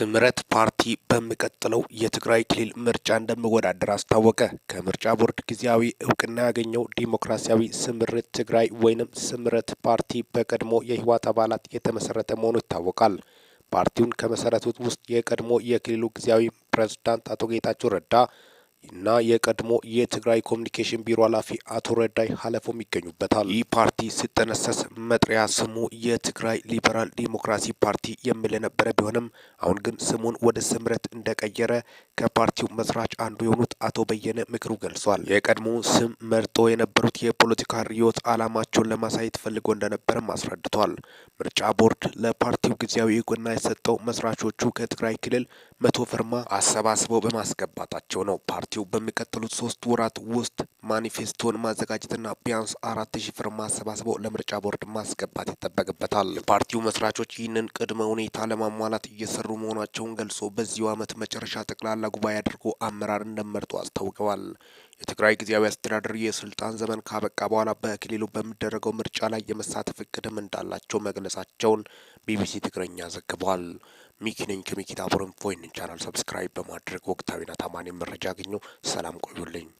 ስምረት ፓርቲ በሚቀጥለው የትግራይ ክልል ምርጫ እንደሚወዳደር አስታወቀ። ከምርጫ ቦርድ ጊዜያዊ እውቅና ያገኘው ዲሞክራሲያዊ ስምረት ትግራይ ወይንም ስምረት ፓርቲ በቀድሞ የህወሓት አባላት የተመሰረተ መሆኑ ይታወቃል። ፓርቲውን ከመሰረቱት ውስጥ የቀድሞ የክልሉ ጊዜያዊ ፕሬዝዳንት አቶ ጌታቸው ረዳ እና የቀድሞ የትግራይ ኮሚኒኬሽን ቢሮ ኃላፊ አቶ ረዳይ ሀለፎም ይገኙበታል። ይህ ፓርቲ ሲጠነሰስ መጥሪያ ስሙ የትግራይ ሊበራል ዲሞክራሲ ፓርቲ የሚል የነበረ ቢሆንም አሁን ግን ስሙን ወደ ስምረት እንደቀየረ ከፓርቲው መስራች አንዱ የሆኑት አቶ በየነ ምክሩ ገልጿል። የቀድሞ ስም መርጦ የነበሩት የፖለቲካ ርዕዮት ዓላማቸውን ለማሳየት ፈልጎ እንደነበረም አስረድቷል። ምርጫ ቦርድ ለፓርቲው ጊዜያዊ እውቅና የሰጠው መስራቾቹ ከትግራይ ክልል መቶ ፊርማ አሰባስበው በማስገባታቸው ነው። ፓርቲው በሚቀጥሉት ሶስት ወራት ውስጥ ማኒፌስቶን ማዘጋጀትና ቢያንስ አራት ሺ ፍር ማሰባሰበው ለምርጫ ቦርድ ማስገባት ይጠበቅበታል። የፓርቲው መስራቾች ይህንን ቅድመ ሁኔታ ለማሟላት እየሰሩ መሆናቸውን ገልጾ በዚሁ ዓመት መጨረሻ ጠቅላላ ጉባኤ አድርጎ አመራር እንደመርጦ አስታውቀዋል። የትግራይ ጊዜያዊ አስተዳደር የስልጣን ዘመን ካበቃ በኋላ በክልሉ በሚደረገው ምርጫ ላይ የመሳተፍ እቅድም እንዳላቸው መግለጻቸውን ቢቢሲ ትግረኛ ዘግቧል። ሚኪነኝ ከሚኪታ ቦረንፎይን ቻናል ሰብስክራይብ በማድረግ ወቅታዊና ታማኒ መረጃ አግኙ። ሰላም ቆዩልኝ።